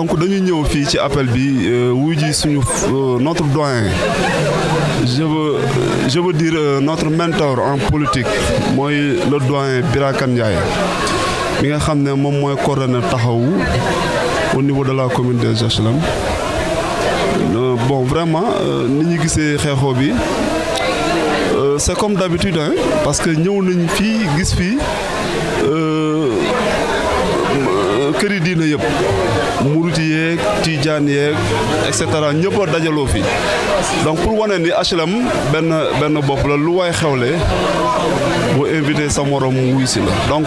donc nous ñëw fii ci appel bi euh, wuy ji suñu euh, notre doyen je veux euh, je veux dire notre mentor en politique mooy le doyen Birakan Ndiaye mi nga xam ne moom mooy taxawu au niveau de la communauté. de jachelam bon vraiment ni ñu gisee xeexoo bi c'est comme d'habitude hein parce que ñëw nañ fii gis fii këri diina yëpp murit yeeg tijaan yeeg et cetera ñëpp a donc pour wane ni HLM ben ben bopp la lu waay xewle boo invité sa morom wuy donc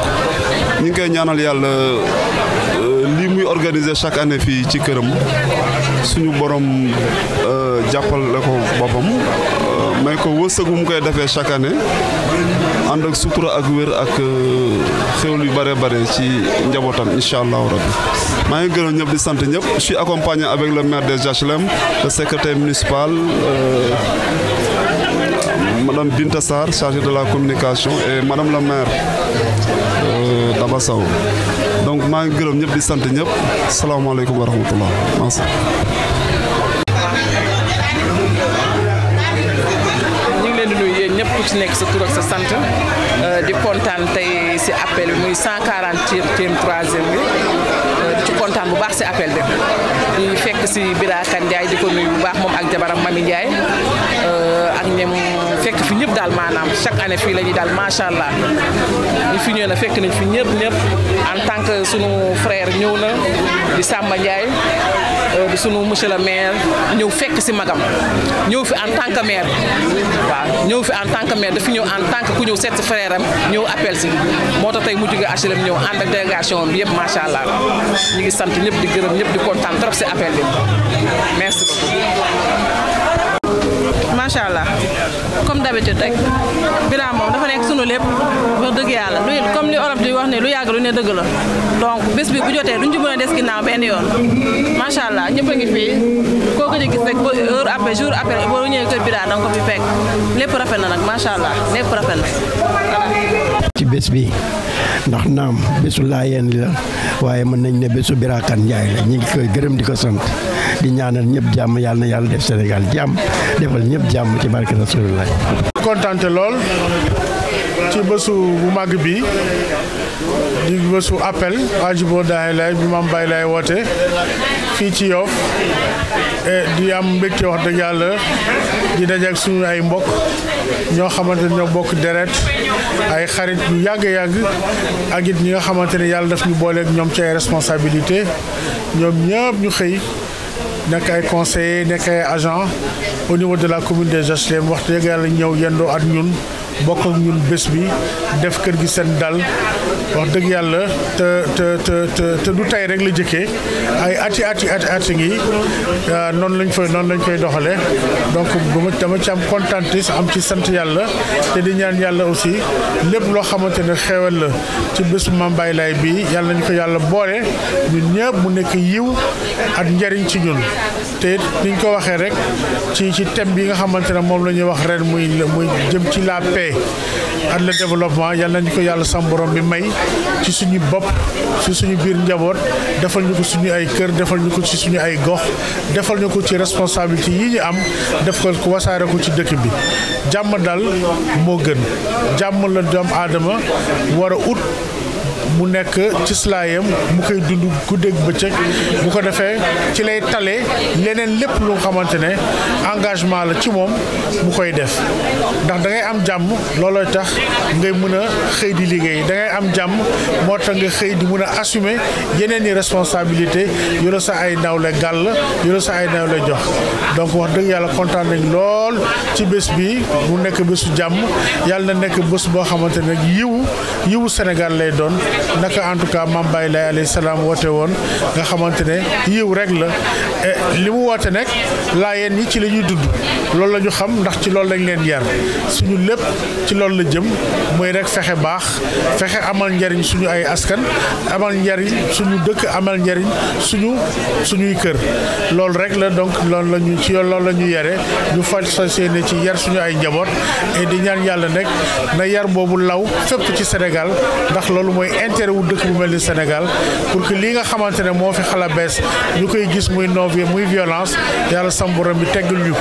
ñu ngi koy ñaanal yàlla euh, lii muy organiser chaque année fi ci këram suñu borom euh jappal lako bopam ko wërsëg koy defee chaque année and ak sutura ak wér ak euh, xewlu yu bare bare ci njabootam inshallah allahu rabbi maa ngi gërëm ñëpp di sant ñëpp je suis accompagné avec le maire des Jachlem le secrétaire municipal euh, madame Binta Sarr chargée de la communication et madame le maire euh, Sow donc maa ngi gërëm ñëpp di sant ñëpp salaamaaleykum wa rahmatullah ku ci nekk sa tur sa sant euh, di kontaan tey si appel bi muy 140eem troisième bi euh, ci kontaan bu baax si appel bi di fekk si Biraka Ndiaye di ko nuyu bu baax moom ak jabaram Mami Ndiaye euh, ak ñem fekk fi ñëpp daal maanaam chaque année fii la ñuy daal macha allah ñu fi ñëw na fekk nañ fi ñëpp ñëpp en tant que sunu frère ñëw na di Samba Ndiaye. di euh, sunu monsieur le maire ñëw fekk si magam ñëw fi en tant que maire waaw ñëw fi en tant que maire ñëw en tant que ku ñëw seet si frère am ñëw appel si moo tax tey mu jógee HLM ñëw ànd ak délégation bi yëpp macha allah ñu ngi sant ñëpp di gërëm ñëpp di kontaan trop si appel bi merci beaucoup. allah comme d'habitude rek Birame moom dafa nekk sunu lépp wax dëgg yàlla ne lu yàgg lu ne dëgg la donc bés bi bu jotee duñ ci mën a des ginnaaw benn yoon macha allah ñëpp a ngi fi koo gëj a gis rek ba heure après jour après boo ñëwee kër bi daal da nga ko fi fekk lépp rafet na nag macha allah lépp rafet na bés bi ndax naam bésu laayeen li la waaye mën nañ ne bésu Birakan Njaay la ñu ngi koy gërëm di ko sant di ñaanal ñëpp jàmm yàlla na yàlla def Sénégal jàmm defal ñëpp jàmm ci barke Rasulullah kontante lool ci bésu bu màgg bi di bésu appel ajibo daay lay bi maam Baye lay woote fii ci Yoff eh, di am mbégte wax dëgg yàlla di dajeek suñu ay mbokk ñoo xamante ne ñoo bokk deret ay xarit yu yàgg-yàgg ak it ñi nga xamante ne yàlla daf ñu booleeg ñoom ci ay responsabilité ñoom ñëpp ñu xëy nekk ay conseiller nekk ay agent au niveau de la commune de HLM waxtu yëg yàlla ñëw yendoo at ñun bokk ñun bés bi def kër gi seen dal wax dëgg yàlla te te te te du tey rek la jëkkee ay ati ati ati ati ngi ah, noonu lañ fay noonu lañ koy doxale donc dama dama ci am am ci sant yàlla te di ñaan yàlla aussi lépp loo xamante ne xewal la ci bés Mame Baye Laye bi yàlla nañ ko yàlla boole ñun ñëpp mu nekk yiw ak njariñ ci ñun te niñ ko waxee rek ci ci thème bi nga xamante ne moom la ñuy wax ren muy muy jëm ci la paix ak le développement yal nañu ko yàlla sam borom bi may ci suñu bopp ci suñu biir njaboot defal ñu ko suñu ay kër defal ñu ko ci suñu ay gox defal ñu ko ci responsabilité yi ñu am def ko wasaare ko ci dëkk bi jàmm dal moo gën jàmm la doom aadama war ut mu nekk ci slaayam mu koy dund guddeeg bëccëg bu ko defee ci lay tale leneen lépp lu nga xamante ne engagement la ci moom mu koy def ndax dangay am jàmm loolooy tax ngay mën a xëy di liggéey da ngay am jàmm moo tax nga xëy di mën a assumer yeneen i responsabilité yore sax ay nawle gàll yore sax ay nawle jox donc wax dëgg yàlla kontaan nañ lool ci bés bi mu nekk bésu jàmm yàlla na nekk bés boo xamante ne yiwu yiwu Sénégal lay doon naka en tout cas maam Baye Laye alayhi salaam woote woon nga xamante ne yiw rek la e, li mu woote nekk laayeen yi ci la ñuy dund loolu la ñu xam ndax ci loolu lañ leen yar suñu lépp ci loolu la jëm mooy rek fexe baax fexe amal njariñ suñu ay askan amal njariñ suñu dëkk amal njariñ suñu suñuy kër loolu rek la donc loolu la ñu ci loolu la ñu yare ñu faj sa seeni ci yar suñu ay njaboot et di ñaan yàlla nekk na yar boobu law fépp ci Sénégal ndax loolu mooy intérêt wu dëkk Sénégal pour que lii nga xamante ne fi xala koy gis muy muy violence yàlla la bi teggul ñu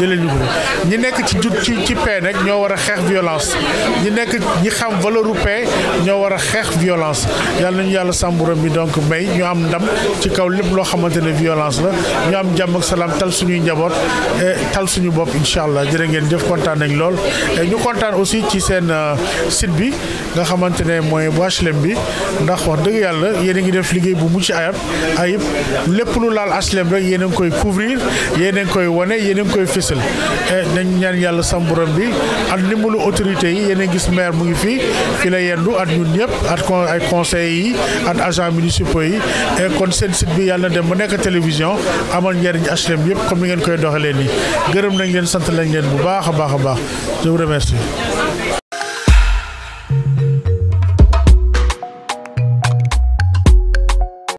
ñu ñi ci ci ci paix violence ñi nekk ñi xam paix violence yàlla nañu yàlla sam bi donc may ñu am ndam ci kaw lépp loo xamante violence la ñu am jàmm ak salaam tal njaboot eh, tal suñu bopp incha allah ngeen jëf kontaan nañ lool eh, ñu aussi ci euh, site bi nga HLM bi ndax wax dëgg yàlla yéen ngi def liggéey bu mucc ayab ayib lépp lu laal HLM rek yéen a ngi koy couvrir yéen a ngi koy wane yéen a ngi koy fësal eh, nañ ñaan yàlla sam borom bi ak ndimbalu autorité yi yéen a gis maire mu ngi fii fi la yendu at ñun ñëpp at ay conseils yi at agents municipaux yi eh, kon seen site bi yàlla dem ba nekk télévision amal njëriñ HLM yëpp comme ni ngeen koy doxalee nii gërëm nañ leen sant lañ leen bu baax a baax a baax